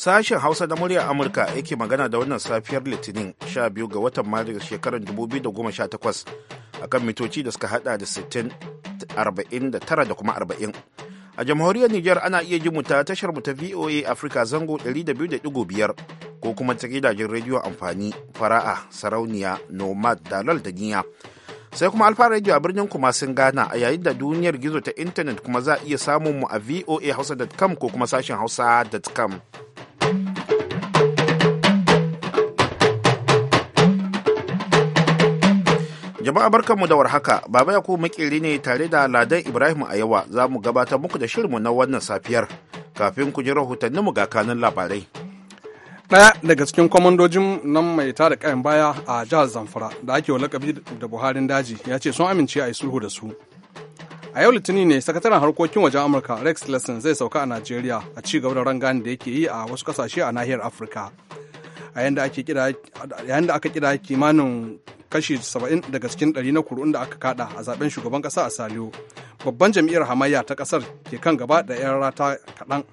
Sashen Hausa na muryar Amurka yake magana da wannan safiyar Litinin 12 ga watan Maris shekarar 2018 akan mitoci da suka hada da 60, da kuma 40. A jamhuriyar Nijar ana iya ji mu ta tashar mu ta VOA Africa zango 200.5 ko kuma ta gidajen rediyo amfani fara'a sarauniya nomad dalal da niya. Sai kuma alfa rediyo a birnin kuma sun gana a yayin da duniyar gizo ta intanet kuma za a iya samun mu a voa voahausa.com ko kuma sashen hausa.com. Jama'a barkanmu da warhaka, Baba ku makeri ne tare da Ladan Ibrahim a yawa za mu gabatar muku da shirinmu na wannan safiyar kafin ku ji mu ga kanun labarai. Ɗaya daga cikin kwamandojin nan mai tada kayan baya a jihar Zamfara da ake lakabi da Buharin daji ya ce sun amince a yi sulhu da su. a yau litinin ne sakataren harkokin wajen amurka rex tillerson zai sauka a najeriya a ci gaba da rangani da yake yi a wasu kasashe a nahiyar afirka a yayin da aka kira kimanin kashi 70 daga cikin 100 na kuru'un da aka kada a zaben shugaban kasa a saliyo babban jam'iyyar hamayya ta kasar ke kan gaba da 'yan rata kaɗan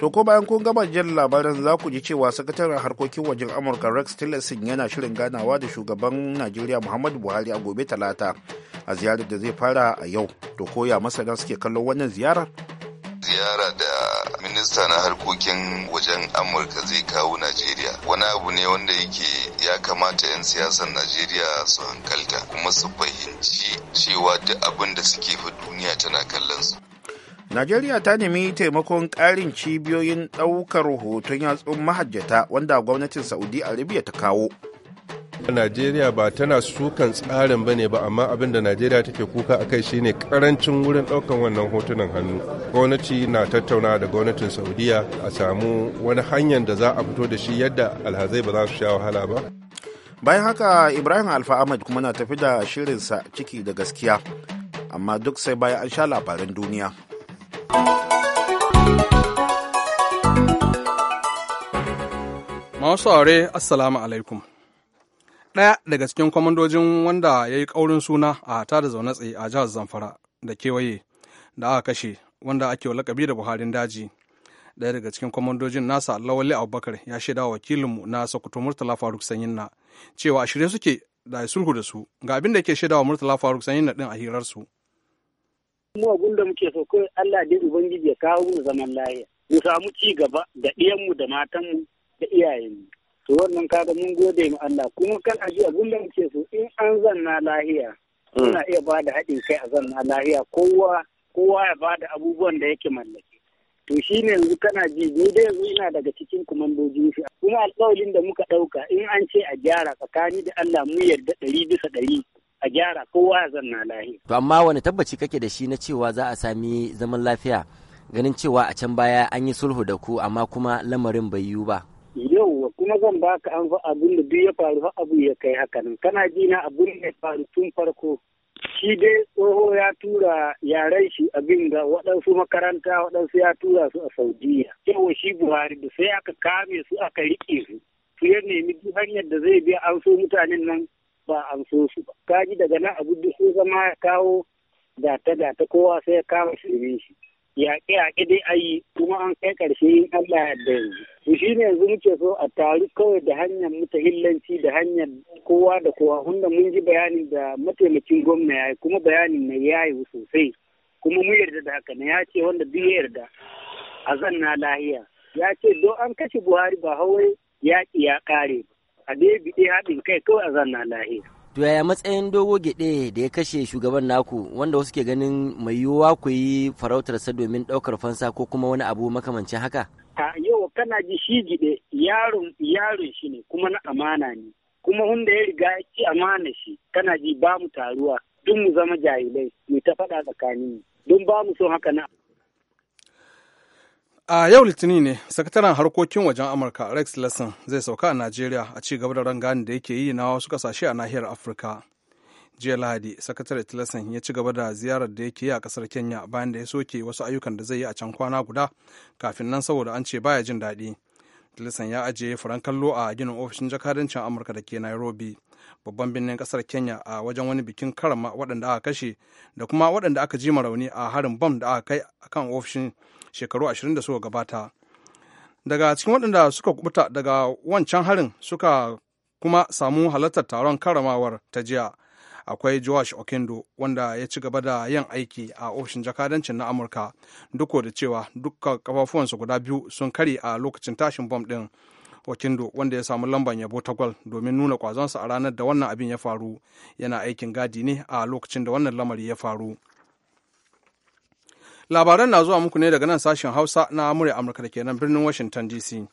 to ko bayan kun gama jin labarin za ku ji cewa sakataren harkokin wajen amurka rex tillerson yana shirin ganawa da shugaban najeriya muhammadu buhari a gobe talata a ziyarar da zai fara a yau to koya masana suke kallon wannan ziyarar ziyara da minista na harkokin wajen amurka zai kawo najeriya wani abu ne wanda yake ya kamata 'yan siyasar najeriya su hankalta kuma su fahimci cewa duk abin da suke fi duniya tana kallon su najeriya ta nemi taimakon ƙarin cibiyoyin ɗaukar hoton yatsun mahajjata wanda gwamnatin saudi arabia ta kawo Najeriya ba tana sukan tsarin bane ba amma abin da Najeriya take kuka akai shine karancin wurin daukan wannan hotunan hannu. Gwamnati na tattauna da gwamnatin Saudiya a samu wani hanyar da za a fito da shi yadda alhazai ba za su sha wahala ba. Bayan haka Ibrahim Alfa Ahmad kuma na tafi da shirinsa ciki da gaskiya amma duk sai bayan an sha labaran duniya. Masu aure, Assalamu alaikum. ɗaya daga cikin kwamandojin wanda ya yi ƙaurin suna a da zaune tsaye a jihar zamfara da kewaye da aka kashe wanda ake wa lakabi da buharin daji ɗaya daga cikin kwamandojin nasa lawali abubakar ya shaida wa wakilinmu na sokoto murtala faruk sanyinna cewa a shirye suke da sulhu da su ga abin da ke shaida wa murtala faruk sanyinna din a hirar su. mu abin da muke so kawai allah dai ubangiji ya kawo mu zaman lahiya mu samu ci gaba da ɗiyanmu da matanmu da iyayenmu to wannan kaga mun gode ma Allah kuma kana ji abin da muke so in an zanna lahiya hmm. muna iya ba da haɗin kai a zanna lahiya kowa kowa ya ba da abubuwan da yake mallake to shi ne yanzu kana ji ni da yanzu ina daga cikin kumandojin shi kuma alƙawarin da muka ɗauka in an ce a gyara tsakani da Allah mu yarda ɗari bisa ɗari a gyara kowa ya zanna lahiya. To amma wani tabbaci kake da shi na cewa za a sami zaman lafiya ganin cewa a can baya an yi sulhu da ku amma kuma lamarin bai yiwu ba. Yau, kuma zan baka an abin da duk ya faru har abu ya kai nan kana jina na abin da ya faru tun farko shi dai tsoho ya tura yaren shi abin ga waɗansu makaranta waɗansu ya tura su a saudiya yauwa shi buhari da sai aka kame su aka riƙe su su ya nemi duk hanyar da zai biya an so mutanen nan ba an so su ba Ka ji daga nan abu duk sun zama ya kawo gata gata kowa sai ya kama shirme shi yaƙe yaƙe dai ayi kuma an kai ƙarshe yin allah ya yanzu to shi ne yanzu muke so a taru kawai da hanyar muta mutahillanci da hanyar kowa da kowa wanda mun ji bayanin da mataimakin gwamna ya yi kuma bayanin mai ya yi sosai kuma muyarda yarda da haka na ya ce wanda duk ya yarda a zanna lahiya ya ce don an kashe buhari ba hawai yaƙi ya ƙare a dai biɗe haɗin kai kawai a zanna lahiya to yaya matsayin dogo gyaɗe da ya kashe shugaban naku wanda wasu ke ganin mai yiwuwa ku yi farautarsa domin ɗaukar fansa ko kuma wani abu makamancin haka a yau kana ji shi gide yaron yaron shi ne kuma na amana ne kuma wanda ya riga ya ci amana shi kana ji ba mu taruwa duk mu zama jahilai mu ta faɗa tsakanin don ba mu son haka na a yau litinin ne sakataren harkokin wajen amurka rex lesson zai sauka a najeriya a ci gaba da rangani da yake yi na wasu kasashe a nahiyar afirka jiya lahadi sakatare tillerson ya ci gaba da ziyarar da yake yi a kasar kenya bayan da ya soke wasu ayyukan da zai yi a can kwana guda kafin nan saboda an ce baya jin daɗi tillerson ya ajiye furan kallo a ginin ofishin jakadancin amurka da ke nairobi babban birnin kasar kenya a wajen wani bikin karama waɗanda aka kashe da kuma waɗanda aka jima rauni a harin bom da aka kai akan ofishin shekaru ashirin da suka gabata daga cikin waɗanda suka kubuta daga wancan harin suka kuma samu halartar taron karamawar ta jiya akwai josh okendo wanda ya ci gaba da yin aiki a ofishin jakadancin na amurka duk da cewa dukkan kafafuwansa guda biyu sun kare a lokacin tashin bom din okendo wanda ya samu lambar yabo ta gwal domin nuna kwazonsa a ranar da wannan abin ya faru yana aikin gadi ne a lokacin da wannan lamari ya faru labaran na zuwa muku ne daga nan sashen hausa na amurka da ke nan birnin washington dc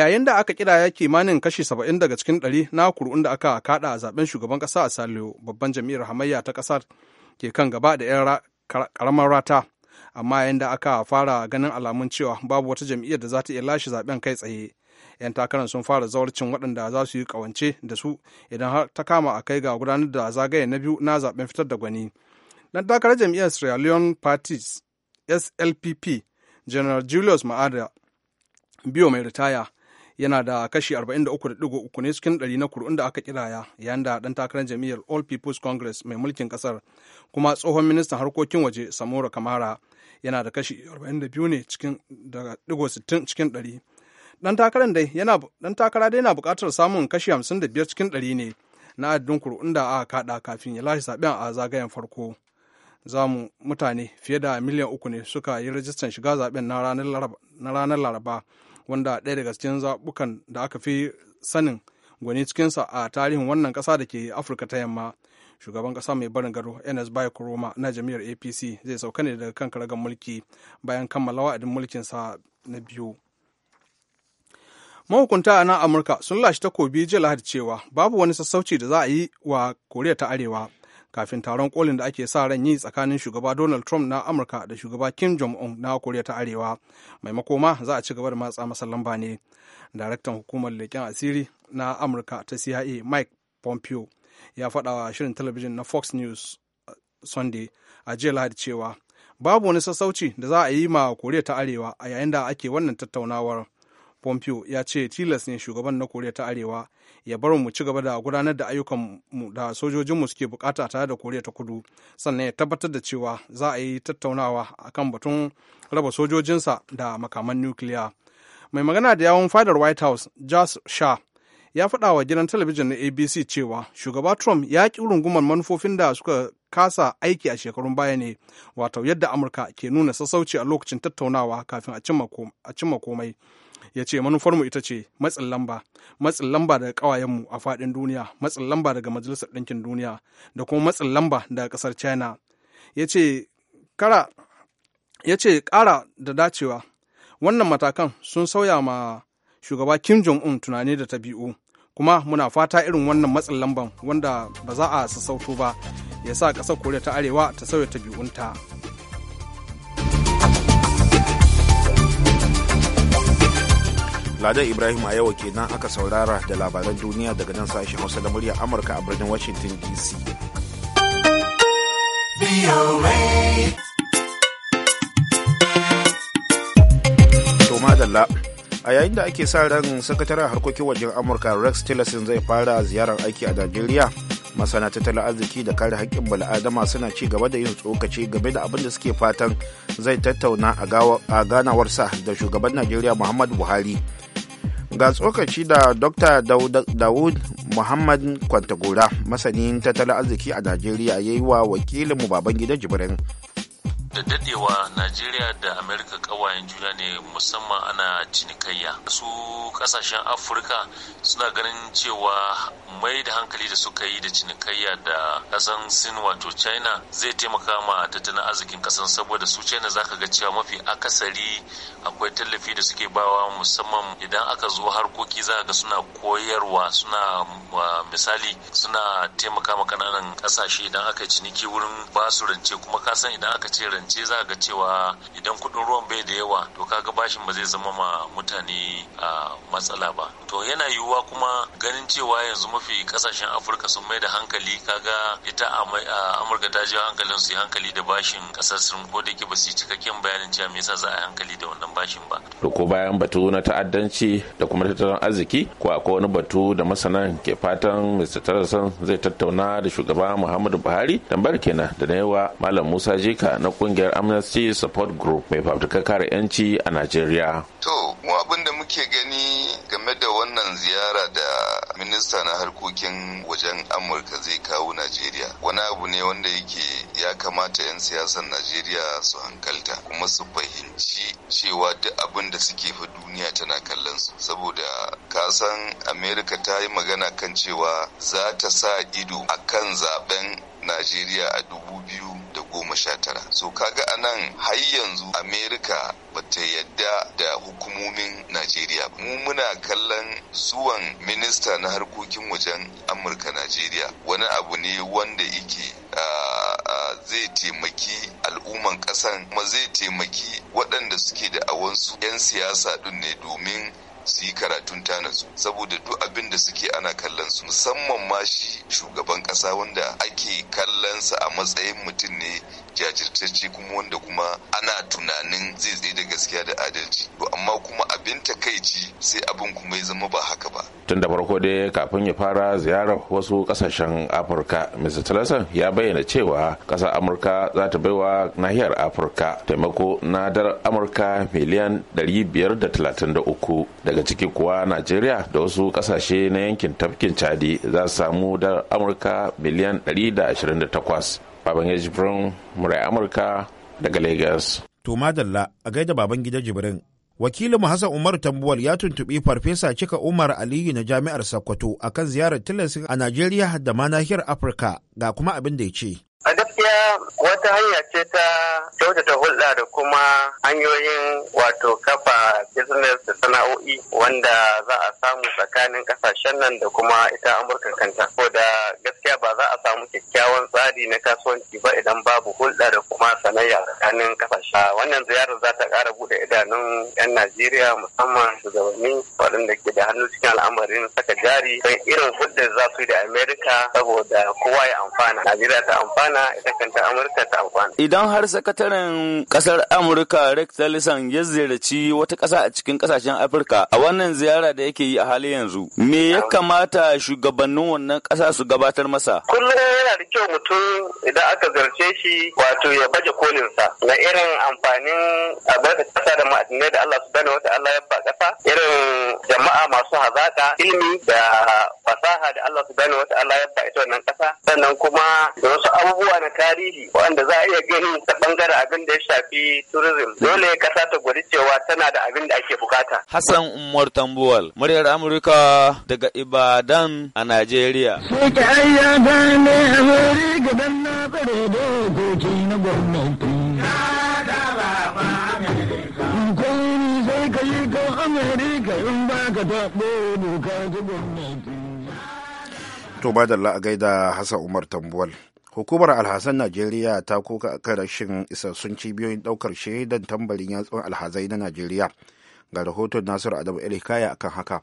yayin da aka kiraya kimanin kashi 70 daga cikin 100 na kur'un da aka kada a zaben shugaban kasa a Saliyo, babban jam'iyyar hamayya ta kasar ke kan gaba da 'yan karamar rata. Amma yayin da aka fara ganin alamun cewa babu wata jam'iyyar da za ta iya lashe zaben kai tsaye. 'Yan takarar sun fara zawarcin waɗanda za su yi kawance da su idan har ta kama a kai ga gudanar da zagaye na biyu na zaben fitar da gwani. Dan takarar jam'iyyar Sierra Leone Parties SLPP General Julius Maada biyo mai ritaya yana da kashi 43.3 ne cikin ɗari na kur'un da aka kiraya yayin da ɗan takarar jam'iyyar all people's congress mai mulkin ƙasar kuma tsohon ministan harkokin waje samora kamara yana da kashi 42 ne cikin daga digo 60 cikin ɗari ɗan takarar dai yana ɗan takara dai na buƙatar samun kashi 55 cikin ɗari ne na adadin kur'un da aka kaɗa kafin ya lashe zaɓen a zagayen farko zamu mutane fiye da miliyan uku ne suka yi rajistan shiga zaɓen na ranar laraba wanda ɗaya daga cikin zaɓukan da aka fi sanin gwani cikinsa a tarihin wannan ƙasa da ke afirka ta yamma shugaban ƙasa mai barin gado ns bai kuroma na jami'ar apc zai sauka ne daga kan karagar mulki bayan kammala wa'adin mulkinsa na biyu mahukunta a nan amurka sun lashe takobi jiya lahadi cewa babu wani sassauci da za a yi wa koriya ta arewa kafin taron kolin da ake sa ran yi tsakanin shugaba donald trump na amurka da shugaba kim jong-un na koriya ta arewa maimako ma za a ci gaba da matsa masa lamba ne daraktan hukumar leƙen asiri na amurka ta cia mike pompeo ya faɗa wa shirin talabijin na fox news uh, sunday a jiya lahadi cewa babu wani sassauci da za a yi ma koriya ta arewa a yayin da ake wannan tattaunawar pompeo ya ce tilas ne shugaban na koriya ta arewa ya bar mu ci gaba da gudanar da ayyukan mu da sojojin sojojinmu suke bukata tare da koriya ta kudu sannan ya tabbatar da cewa za a yi tattaunawa akan batun raba sojojinsa da makaman nukiliya mai magana da yawon fadar white house josh shah ya faɗa wa gidan talabijin na abc cewa shugaba trump ya ƙi rungumar manufofin da suka kasa aiki a shekarun baya ne wato yadda amurka ke nuna sassauci a lokacin tattaunawa kafin a cimma komai ya ce manufarmu ita ce matsin lamba matsin lamba daga mu a fadin duniya matsin lamba daga majalisar ɗinkin duniya da kuma matsin lamba daga ƙasar china ya ce ƙara da dacewa wannan matakan sun sauya ma shugaba kim jong un tunani da tabi'u kuma muna fata irin wannan matsin lamban wanda ba za a sassauto ba ya sa ƙasar koriya ta arewa ta sauya tabi'unta. Ladan Ibrahim a yau kenan aka saurara da labaran duniya daga nan sashen Hausa da murya Amurka a birnin Washington DC. Madalla a yayin da ake sa ran sakataren harkokin wajen Amurka Rex Tillerson zai fara ziyarar aiki a Najeriya masana tattalin arziki da kare haƙƙin bala'adama suna ci gaba da yin tsokaci game da abin da suke fatan zai tattauna a ganawarsa da shugaban Najeriya Muhammadu Buhari. ga tsokaci da dr dawud muhammad kwantagora masanin tattalin arziki a najeriya ya yi wa wakilinmu baban gidan jibrin da dadewa najeriya da amerika kawayen juna ne musamman ana cinikayya su kasashen afirka suna ganin cewa mai da hankali da suka yi da cinikayya da kasan sin wato china zai taimaka ma tattalin arzikin kasan saboda su china ka ga cewa mafi akasari akwai tallafi da suke bawa musamman idan aka zo harkoki za ga suna koyarwa suna misali suna taimaka ma kananan kasashe idan aka ciniki wurin basu rance kuma kasan idan aka ce kasance za ga cewa idan kudin ruwan bai da yawa to kaga bashin ba zai zama ma mutane a matsala ba to yana yiwuwa kuma ganin cewa yanzu mafi kasashen afirka sun mai da hankali kaga ita amurka ta jiwa hankalin su yi hankali da bashin kasar sun ko da ke ba su cikakken bayanin cewa me yasa za a yi hankali da wannan bashin ba to ko bayan batu na ta'addanci da kuma tattalin arziki ko akwai wani batu da masana ke fatan mr tarasan zai tattauna da shugaba muhammadu buhari tambayar kenan da na yawa malam musa jeka na kungiyar Amnesty Support Group mai fafutukar kare 'yanci a Najeriya. To, mu abin da muke gani game da wannan ziyara da minista na harkokin wajen Amurka zai kawo Najeriya. Wani abu ne wanda yake ya kamata 'yan siyasar Najeriya su hankalta kuma su fahimci cewa duk abin da suke fa duniya tana kallon su. Saboda kasan Amerika ta yi magana kan cewa za ta sa ido a kan zaben Najeriya a dubu biyu goma sha tara so kaga a nan har yanzu amerika ba ta yadda da hukumomin najeriya ba. mu muna kallon zuwan minista na harkokin wajen amurka najeriya wani abu ne wanda yake zai taimaki al'umman kasan kuma zai taimaki waɗanda suke da awansu 'yan siyasa ɗin ne domin su yi karatun tanasu saboda duk abin da suke ana kallon su musamman ma shi shugaban kasa wanda ake kallon sa a matsayin mutum ne jajirtacce kuma wanda kuma ana tunanin zai tsaye da gaskiya da adalci to amma kuma abin takaici sai abin kuma ya zama ba haka ba tun da farko dai kafin ya fara ziyarar wasu kasashen afirka mr tillerson ya bayyana cewa kasar amurka za ta baiwa nahiyar afirka taimako na dar amurka miliyan 533 daga ciki kuwa najeriya da wasu kasashe na yankin tafkin chadi za su samu dar amurka miliyan 128 baban ya murai amurka daga lagos to madalla a gaida baban gida jibrin wakilinmu hassan umar tambuwal ya tuntuɓi farfesa cika umar aliyu na jami'ar sokoto akan ziyarar tilasi a najeriya da ma nahiyar afirka ga kuma abin da ya ce gaskiya wata hanya ce ta kyautata hulɗa da kuma hanyoyin wato kafa business da sana'o'i wanda za a samu tsakanin kasashen nan da kuma ita amurka kanta ko da gaskiya ba za a samu kyakkyawan tsari na kasuwanci ba idan babu hulɗa da kuma sanayya tsakanin kasashe wannan ziyarar za ta ƙara buɗe idanun 'yan najeriya musamman shugabanni waɗanda ke da hannu cikin al'amarin saka jari don irin hulɗar za su yi da amerika saboda kowa ya amfana najeriya ta amfana ita Amurka ta amfana. Idan har sakataren kasar Amurka Rex Tillerson ya ziyarci wata ƙasa a cikin ƙasashen Afirka a wannan ziyara da yake yi a hali yanzu, me ya kamata shugabannin wannan ƙasa su gabatar masa? Kullum yana da kyau mutum idan aka zarce shi wato ya baje kolinsa na irin amfanin albarkar ƙasa da ma'adinai da Allah bane wata Allah ya ba ƙasa irin jama'a masu hazaka ilimi da fasaha da Allah bane wata Allah ya ba ita wannan kasa sannan kuma da wasu abubuwa na tarihi wanda za a iya gani ta bangaren abin da ya shafi tourism dole kasa ta gwada cewa tana da abin da ake bukata. Hassan Umar Tambuwal, muryar Amurka daga Ibadan a Najeriya. ne na tsare To ba da la'agai da Hassan Umar Tambuwal. hukumar alhazan najeriya ta koka kan rashin isassun cibiyoyin daukar shaidan tambarin yatsun alhazai na najeriya ga rahoton nasiru adamu el akan haka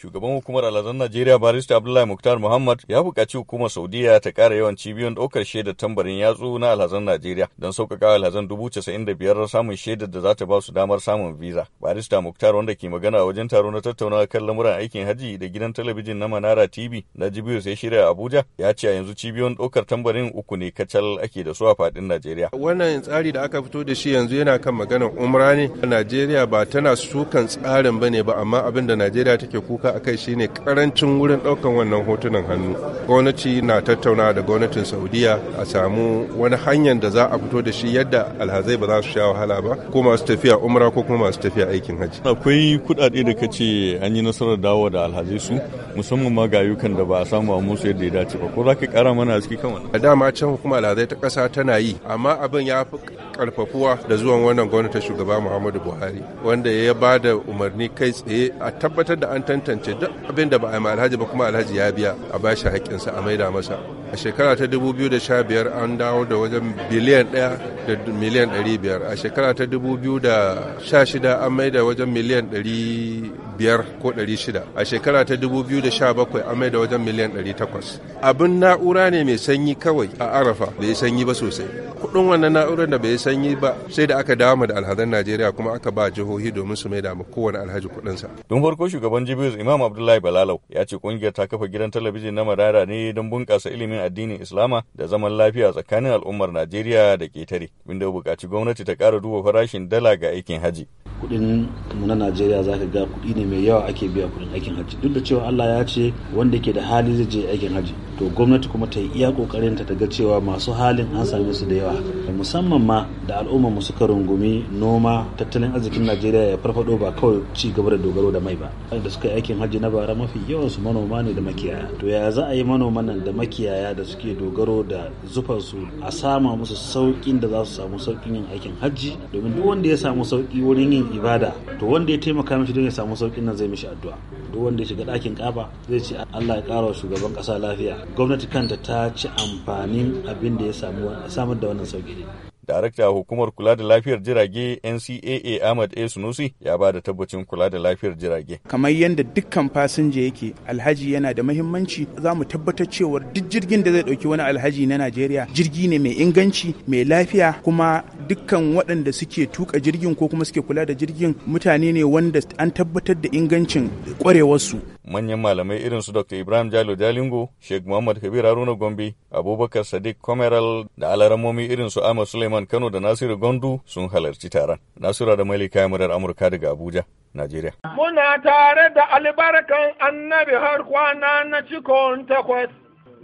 Shugaban hukumar aladun Najeriya barista Abdullahi Muktar Muhammad ya buƙaci hukumar Saudiya ta ƙara yawan cibiyoyin ɗaukar shaidar tambarin yatsu na alhazan Najeriya don sauƙaƙa alhazan dubu casa'in da biyar samun shaidar da za ta ba su damar samun visa. Barista Muktar wanda ke magana a wajen taro na tattaunawa kan lamuran aikin haji da gidan talabijin na Manara TV na Jibiyu sai shirya Abuja ya ce a yanzu cibiyoyin ɗaukar tambarin uku ne kacal ake da su a faɗin Najeriya. Wannan tsari da aka fito da shi yanzu yana kan maganar umra ne. Najeriya ba tana sukan tsarin ne ba amma abin da Najeriya take kuka a kai shine karancin wurin ɗaukan wannan hotunan hannu gwamnati na tattauna da gwamnatin saudiya a samu wani hanyar da za a fito da shi yadda alhazai ba za su sha wahala ba ko masu tafiya umra ko kuma masu tafiya aikin hajji akwai kudade da kace an yi nasarar dawo da alhazai su musamman ma ga yukan da ba a samu a musu yadda ya dace ba ko za ka ƙara mana a ciki kan wannan dama can hukuma alhazai ta kasa tana yi amma abin ya fi ƙarfafuwa da zuwan wannan gwamnatin shugaba muhammadu buhari wanda ya ba da umarni kai tsaye a tabbatar da an tantance tantance duk abin da ba a yi ma alhaji ba kuma alhaji ya biya a bashi haƙƙinsa a maida masa a shekara ta 2015 an dawo da wajen biliyan 1 da miliyan 500 a shekara ta 2016 an maida wajen miliyan 500 ko 600 a shekara ta 2017 an maida wajen miliyan 800 abin na'ura ne mai sanyi kawai a arafa bai sanyi ba sosai kudin wannan na'urar da bai sanyi ba sai da aka dawo da alhazan najeriya kuma aka ba jihohi domin su maida damu kowane alhaji kudinsa don farko shugaban jibiyar imam abdullahi balalau ya ce kungiyar ta kafa gidan talabijin na madara ne don bunkasa ilimin addinin Islama da zaman lafiya tsakanin al'ummar Najeriya da ƙetare, inda buƙaci gwamnati ta ƙara duba farashin dala ga aikin hajji. Kuɗin mu na Najeriya za ka ga kuɗi ne mai yawa ake biya kuɗin aikin haji. Duk da cewa Allah ya ce wanda ke da hali zai je aikin hajji To gwamnati kuma ta yi iya ƙoƙarin ta ga cewa masu halin an same su da yawa. Musamman ma da al'ummar mu suka rungumi noma tattalin arzikin Najeriya ya farfado ba kawai ci gaba da dogaro da mai ba. Da suka yi aikin hajji na bara mafi yawan su manoma ne da makiyaya. To yaya za a yi manoman nan da makiyaya da suke dogaro da zufarsu a sama musu sauƙin da za su samu sauƙin yin aikin hajji domin duk wanda ya samu sauƙi wurin yin ibada to wanda ya taimaka mishi don ya samu sauƙin nan zai mishi addu'a duk wanda ya shiga ɗakin ƙafa zai ce Allah ya ƙara wa shugaban ƙasa lafiya gwamnati kanta ta ci amfanin abin da ya samu samar da wannan sauƙi Darakta hukumar kula da lafiyar jirage NCAA Ahmad A. Sunusi ya ba da tabbacin kula da lafiyar jirage. Kamar yadda dukkan fasinja yake alhaji yana da muhimmanci, za mu tabbatar cewa duk jirgin da zai ɗauki wani alhaji na Najeriya jirgi ne mai inganci mai lafiya kuma dukkan waɗanda suke tuka jirgin ko kuma suke kula da jirgin mutane ne wanda an tabbatar da ingancin ƙwarewarsu. manyan malamai irin su Dr. Ibrahim Jalo Jalingo, Sheikh Muhammad Kabir Haruna Gombe, Abubakar Sadiq Komeral da alaramomi irin su Ahmad Suleiman Kano da Nasiru Gondu sun halarci taron. Nasiru da Malika Murar Amurka daga Abuja, Najeriya. Muna tare da albarkan annabi har kwana na cikon takwas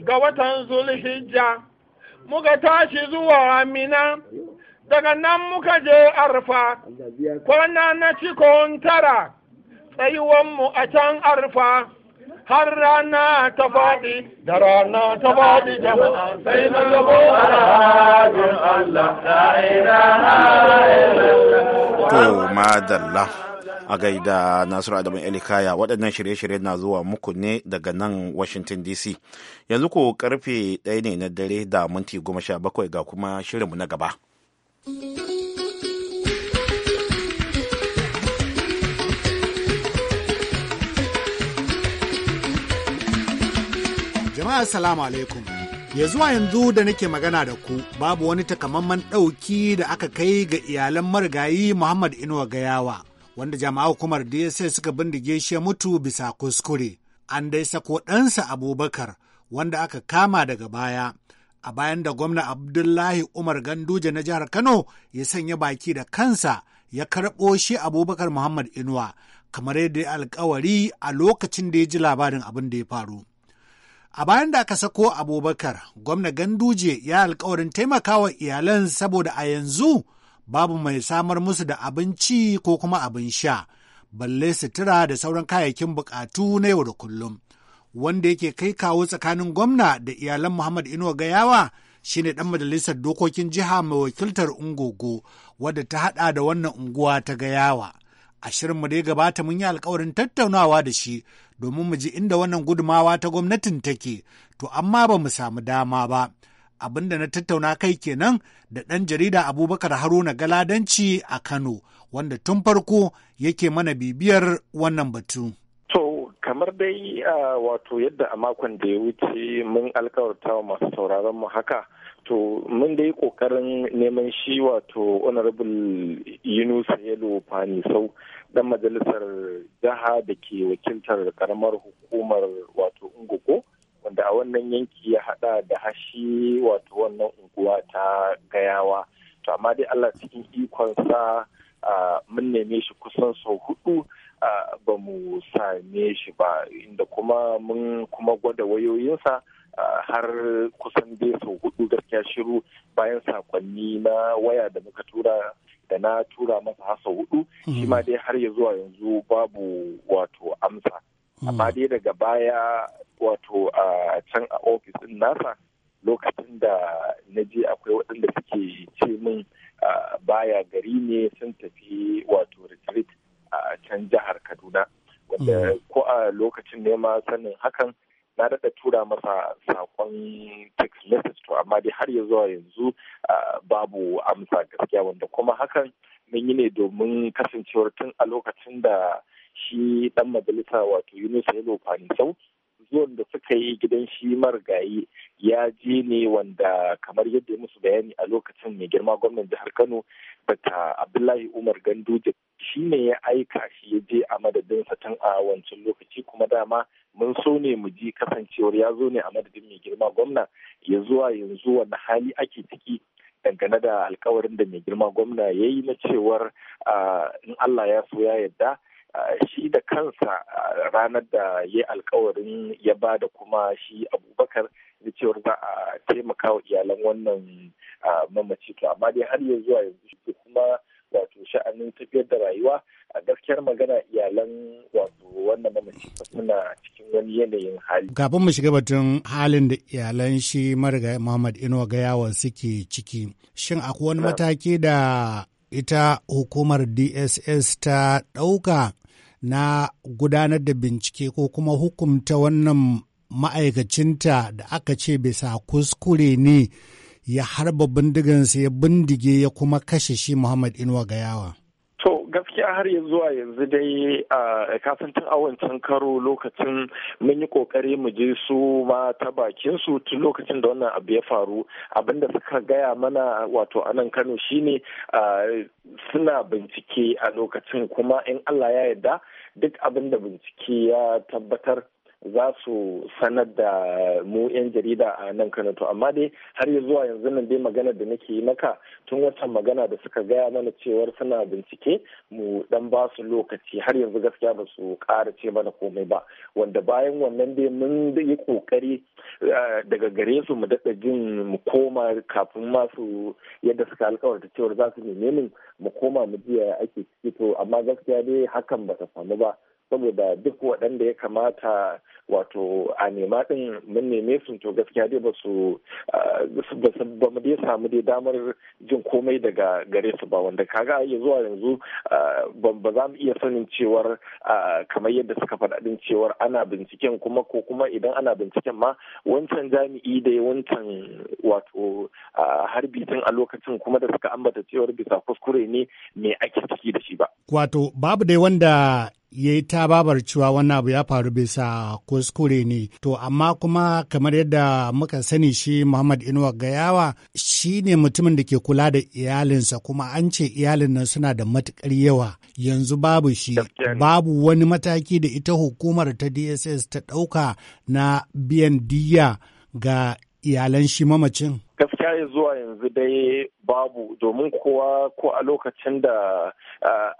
ga watan Zulhijja. Muka tashi zuwa Amina daga nan muka je Arfa, kwana na cikon tara mu a can arfa har rana ta faɗi da rana ta faɗi jama'a sai na gabo a rahabin Allah To madalla a gaida Nasiru Adamu Elikaya waɗannan shirye-shirye na zuwa muku ne daga nan Washington DC. Yanzu ko karfe ɗaya ne na dare da minti goma sha bakwai ga kuma shirinmu na gaba. Jama'a salamu alaikum. Ya zuwa yanzu da nake magana da ku babu wani takamaiman ɗauki da aka kai ga iyalan marigayi Muhammad Inuwa Gayawa, wanda jama'a hukumar DSS suka bindige shi ya mutu bisa kuskure. An dai sako ɗansa Abubakar wanda aka kama daga baya. A bayan da gwamna Abdullahi Umar Ganduje na jihar Kano ya sanya baki da kansa ya karɓo shi Abubakar Muhammad Inuwa kamar yadda ya alkawari a lokacin da ya ji labarin abin da ya faru. A bayan da aka sako Abubakar, gwamna Ganduje ya alkawarin taimakawa iyalan saboda a yanzu babu mai samar musu da abinci ko kuma abin sha, balle sutura da sauran kayayyakin bukatu na yau da kullum. Wanda yake kai kawo tsakanin gwamna da iyalan Muhammad Inuwa Gayawa shine ɗan majalisar dokokin jiha mai wakiltar Ungogo, wadda ta haɗa da wannan unguwa ta Gayawa. a shirinmu da ya gabata mun yi alkawarin tattaunawa da shi domin mu ji inda wannan gudumawa ta gwamnatin take, to amma ba mu samu dama ba. Abin da na tattauna kai kenan da ɗan jarida Abubakar Haruna Galadanci a Kano, wanda tun farko yake mana bibiyar wannan batu. To, kamar dai ah, wato yadda a makon da ya wuce mun alkawarta wa masu sauraron mu haka. To mun dai kokarin neman shi wato honorable Yunus Yalo Fani sau dan majalisar jaha da ke wakiltar karamar hukumar wato Ungogo wanda a wannan yanki ya hada da hashi wato wannan unguwa ta gayawa. To amma dai Allah cikin ikonsa mun neme shi kusan sau hudu ba mu same shi ba inda kuma mun kuma gwada wayoyinsa. har kusan dai sau hudu gaskiya shiru bayan sakonni na waya da muka tura da na tura masa har sau hudu shi ma dai har ya zuwa yanzu babu wato amsa amma hmm. dai daga baya wato a can a ofis nasa lokacin da na je akwai waɗanda suke ce min baya gari ne sun tafi wato retreat a can jihar kaduna wanda hmm. ko a lokacin nema sanin hakan na daɗa tura masa saƙon text message to amma dai har ya zuwa yanzu babu amsa gaskiya wanda kuma hakan mun yi ne domin kasancewar tun a lokacin da shi ɗan majalisa wato Yunus Yalo sau zuwan da suka yi gidan shi marigayi ya je ne wanda kamar yadda musu bayani a lokacin mai girma gwamnan jihar Kano bata Abdullahi Umar Ganduje shi ne ya aika shi ya je a madadinsa tun a wancan lokaci kuma dama mun so ne mu ji kasancewar ya zo ne a madadin mai girma gwamna ya zuwa yanzu wani hali ake ciki dangane da alkawarin da mai girma gwamna ya yi na cewar in Allah ya so ya yadda. shi da kansa ranar da ya alkawarin ya ba da kuma shi abubakar da cewar za a taimaka wa iyalan wannan mamaci to amma dai har yanzu a yanzu kuma wato sha'anin tafiyar da rayuwa a gaskiyar magana iyalan wato wannan mamaci suna cikin wani yanayin hali. Kafin mu shiga batun halin da iyalan shi marga Muhammad Inuwa yawon suke ciki, shin akwai wani mataki da ita hukumar DSS ta ɗauka na gudanar da bincike ko kuma hukumta wannan ma'aikacinta da aka ce bisa kuskure ne ya harba bindigansa ya bindige ya kuma kashe shi Muhammad Inuwa yawa. To gaskiya har ya zuwa yanzu dai a tun a wancan karo lokacin mun yi kokari mu je su ma ta bakin su tun lokacin da wannan abu ya faru abinda suka gaya mana wato a nan Kano shine suna bincike a lokacin kuma in Allah ya yarda duk abin da bincike ya tabbatar za su sanar da mu 'yan jarida a nan kano to amma dai har ya zuwa yanzu nan dai magana da nake yi maka tun watan magana da suka gaya mana cewar suna bincike mu dan ba su lokaci har yanzu gaskiya ba su ƙara ce mana komai ba wanda bayan wannan dai mun yi kokari eh, daga gare su mu daɗa jin mu koma kafin masu yadda suka alkawarta cewar za su neme mu mu koma mu ji ake ciki to amma gaskiya dai hakan ba samu ba saboda duk waɗanda ya kamata wato a nema ɗin mun neme su to gaskiya dai ba su ah, ba mu dai samu dai damar jin komai daga gare su ba wanda kaga ya zuwa yanzu ah, ba za mu iya sanin cewar ah, kamar yadda suka faɗa ɗin cewar ana binciken kuma ko kuma idan ana binciken ma wancan jami'i da wancan wato harbi tun a lokacin kuma da suka ambata cewar bisa kuskure ne me ake ciki da shi ba. Wato babu dai wanda ya yi ta babar cewa wannan abu ya faru bisa kuskure ne to amma kuma kamar yadda muka sani shi muhammad inuwa gayawa shi ne mutumin da ke kula da iyalinsa kuma an ce iyalin nan suna da matukar yawa yanzu babu shi babu wani mataki da ita hukumar ta dss ta ɗauka na biyan diya ga iyalan shi mamacin? Gaskiya ya zuwa yanzu dai babu domin kowa ko a lokacin da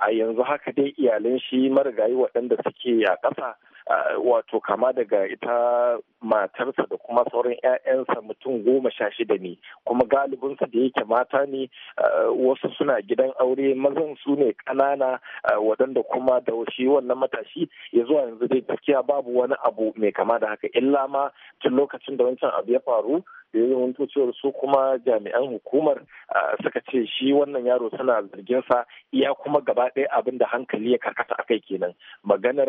a yanzu haka dai iyalan shi marigayi waɗanda suke a ƙasa Uh, wato kama daga ita matarsa da kuma sauran 'ya'yansa mutum goma sha shida ne kuma galibinsu da yake mata ne uh, wasu suna gidan aure mazan su ne ƙanana uh, waɗanda kuma da shi wannan matashi ya zuwa yanzu dai gaskiya babu wani abu mai kama da haka illa ma tun lokacin da wancan abu ya faru da ya zama tocewar su kuma jami'an hukumar suka ce shi wannan yaro suna zargin sa iya kuma gaba ɗaya abin da hankali ya karkata a kai kenan maganar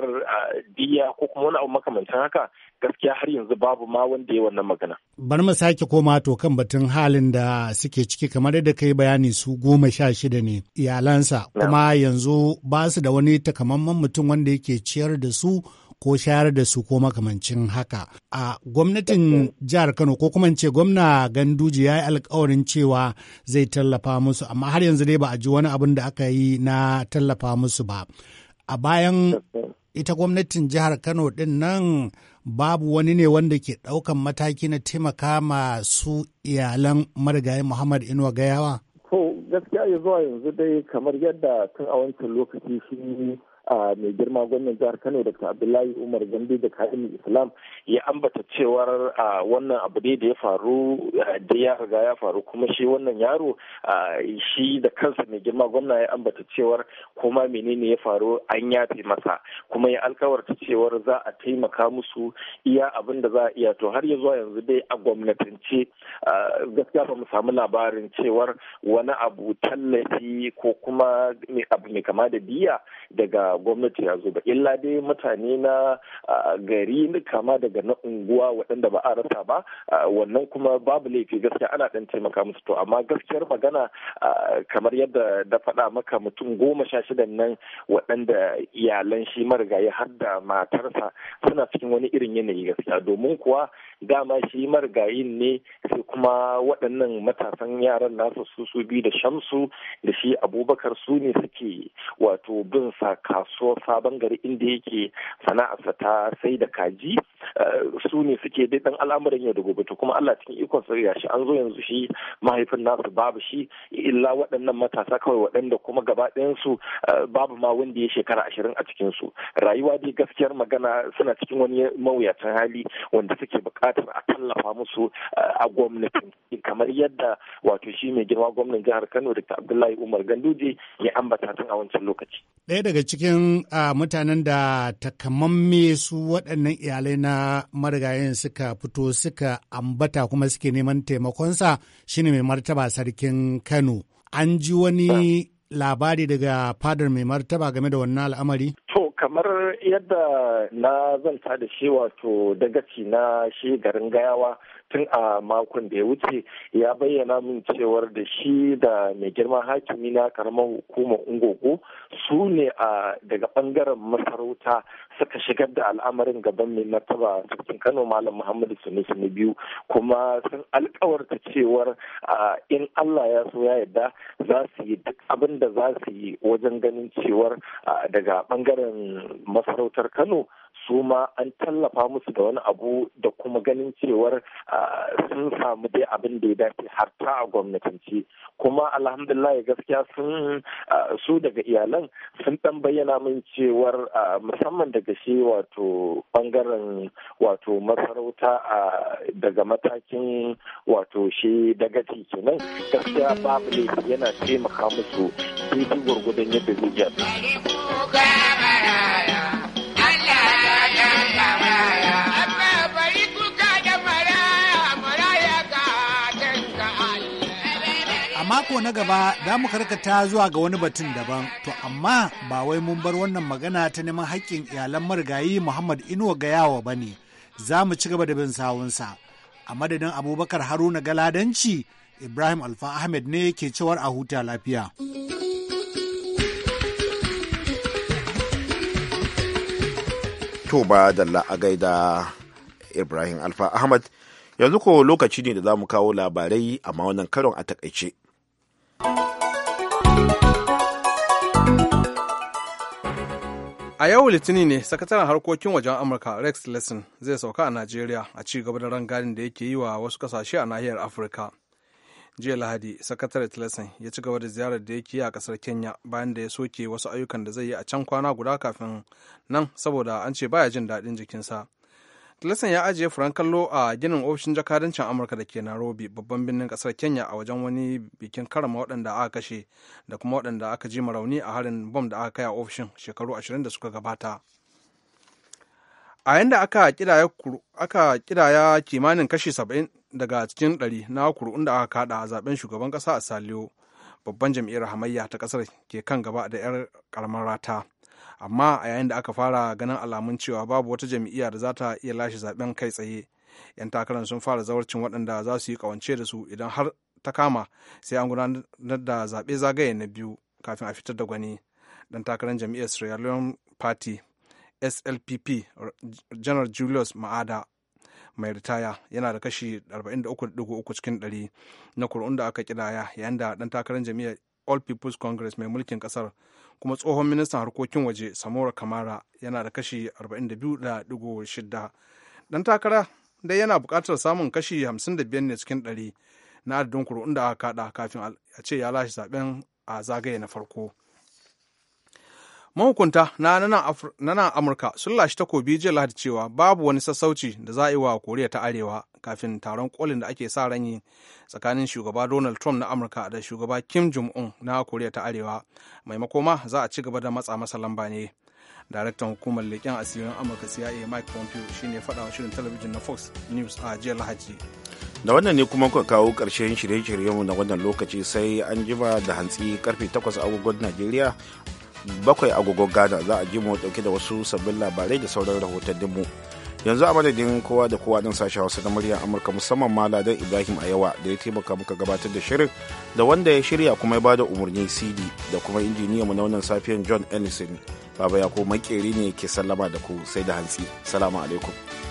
diya ko kuma wani abu makamancin haka gaskiya har yanzu babu ma wanda ya wannan magana. Bari mu sake koma to kan batun halin da suke ciki kamar yadda kai bayani su goma sha shida ne iyalansa kuma yanzu ba su da wani takamaiman mutum wanda yake ciyar da su ko shayar da su ko makamancin haka a gwamnatin jihar kano ko kuma ce gwamna ganduji ya yi alkawarin cewa zai tallafa musu amma har yanzu dai ba a ji wani abin da aka yi na tallafa musu ba a bayan ita gwamnatin jihar kano din nan babu wani ne wanda ke ɗaukan mataki na taimaka masu iyalan marigayi muhammad inuwa gayawa gaskiya ya zuwa yanzu dai kamar yadda tun a wancan lokaci shi a mai girma gwamnan jihar kano dr abdullahi umar gambi da kayan islam ya ambata cewar wannan abu ne da ya faru da ya riga ya faru kuma shi wannan yaro shi da kansa mai girma gwamna ya ambata cewar kuma menene ya faru an ya taimaka. kuma ya alkawarta cewar za a taimaka musu iya abin da za a iya to har ya zuwa yanzu dai a gwamnatance gaskiya ba mu samu labarin cewar wani abu tallafi ko kuma abu mai kama da biya daga gwamnati ya zo ba illa dai mutane na gari kama daga na unguwa waɗanda ba a rasa ba wannan kuma babu laifi gaskiya ana ɗan taimaka musu to amma gaskiyar magana kamar yadda da faɗa maka mutum goma sha shida nan waɗanda iyalan shi marigayi har da matarsa suna cikin wani irin yanayi gaskiya domin kuwa dama shi marigayi ne sai kuma waɗannan matasan yaran nasu su su biyu da shamsu da shi abubakar su ne suke wato bin sa kasuwar sabon gari inda yake sana'arsa ta sai da kaji eh, su ne suke dai dan al'amuran yau da gobe to kuma Allah cikin ikon sa ya shi an zo yanzu shi mahaifin nasu babu shi illa waɗannan matasa kawai waɗanda kuma gaba ɗayan su eh, babu ma wanda ya shekara ashirin a cikin su rayuwa dai gaskiyar magana suna cikin wani mawuyacin hali wanda suke buƙatar a tallafa musu eh, a gwamnati kamar yadda wato shi mai girma gwamnan jihar Kano da Abdullahi Umar Ganduje ya ambata tun a wancan lokaci. Ɗaya daga cikin ganin mutanen da takamamme su waɗannan iyalai na marigayen suka fito suka ambata kuma suke neman taimakonsa shine mai martaba sarkin Kano. An ji wani labari daga fadar mai martaba game da wannan al'amari? To, kamar yadda na zanta da shi wato dagaci na shi garin gayawa. tun a makon da ya wuce ya bayyana min cewar da shi da mai girman hakimi na karamar hukumar ungogo su ne a daga bangaren masarauta suka shigar da al'amarin gaban mai martaba sarkin kano malam muhammadu sunusu na biyu kuma sun alkawarta cewar in allah ya so ya yarda za su yi duk abin da za su yi wajen ganin cewar daga bangaren masarautar kano su ma an tallafa musu da wani abu da kuma ganin cewar sun samu dai abin da ya dace har ta a gwamnatance kuma alhamdulillah gaskiya sun su daga iyalan sun dan bayyana min cewar musamman daga shi wato bangaren wato masarauta daga matakin wato shi daga kenan gaskiya babu ne yana taimaka musu daidai gwargwadon yadda zai yi mako na gaba za mu karkata zuwa ga wani batun daban, to amma ba wai mun bar wannan magana ta neman haƙƙin iyalan marigayi Muhammad Inuwa ga yawa ba ne, za mu ci gaba da bin sawunsa. A madadin Abubakar Haruna Galadanci, Ibrahim Alfa Ahmed ne ke cewar a huta lafiya. To ba da la'agaida Ibrahim Alfa Ahmad yanzu ko lokaci ne da za mu kawo labarai amma wannan karon a takaice. A yau Litinin ne sakataren harkokin wajen Amurka Rex Lesson zai sauka a Najeriya a ci gaba da rangadin da yake yi wa wasu kasashe a nahiyar Afirka. Jiya Lahadi, sakataren Lesson ya ci gaba da ziyarar da yake yi a kasar Kenya bayan da ya soke wasu ayyukan da zai yi a can kwana guda kafin nan saboda an ce baya jin daɗin jikinsa. Tillerson ya ajiye furen kallo a ginin ofishin jakadancin Amurka da ke Nairobi babban birnin kasar Kenya a wajen wani bikin karama waɗanda aka kashe da kuma waɗanda aka ji rauni a harin bom da aka kai a ofishin shekaru 20 da suka gabata. A yanda aka kidaya kimanin kashi 70 daga cikin 100 na kuri'un da aka kada a zaben shugaban ƙasa a Saliyo babban jam'iyyar hamayya ta kasar ke kan gaba da 'yar karamar rata amma a yayin da aka fara ganin alamun cewa babu wata jam'iyya da za ta iya lashe zaben kai tsaye 'yan takarar sun fara zawarcin waɗanda za su yi kawance da su idan har ta kama sai an gudanar da zaɓe zagaye na biyu kafin a fitar da gwani dan takarar jam'iyyar sierra leone party slpp janar julius ma'ada mai ritaya yana da kashi 43.3 cikin 100 na kuri'un da aka kidaya yayin da dan takarar jami'ar all people's congress mai mulkin kasar kuma tsohon ministan harkokin waje samora kamara yana da kashi 42.6 dan takara dai yana buƙatar samun kashi 55 ne cikin 100 na adadin kuri'un da aka kada kafin a ce ya lashe zaben a zagaye na farko. mahukunta na nan amurka sun lashe takobi jiya lahadi cewa babu wani sassauci da za a yi wa koriya ta arewa kafin taron kolin da ake sa ran yi tsakanin shugaba donald trump na amurka da shugaba kim jong-un na koriya ta arewa maimako ma za a ci gaba da matsa masa lamba ne daraktan hukumar leƙen asirin amurka cia mike pompeo shine faɗa wa shirin talabijin na fox news a jiya lahadi da wannan ne kuma kuka kawo ƙarshen shirye-shiryenmu na wannan lokaci sai an jima da hantsi karfe 8 agogon najeriya bakwai agogon gada za a ji mu dauke da wasu sabbin labarai da sauran rahotanninmu. Yanzu a madadin kowa da kowa din sashen Hausa na muryar Amurka musamman ma Ladan Ibrahim Ayawa da ya taimaka muka gabatar da shirin da wanda ya shirya kuma ya bada umarni CD da kuma mu na wannan safiyan John Ellison. Baba ya ko makeri ne ke sallama da ku sai da hantsi. Salamu alaikum.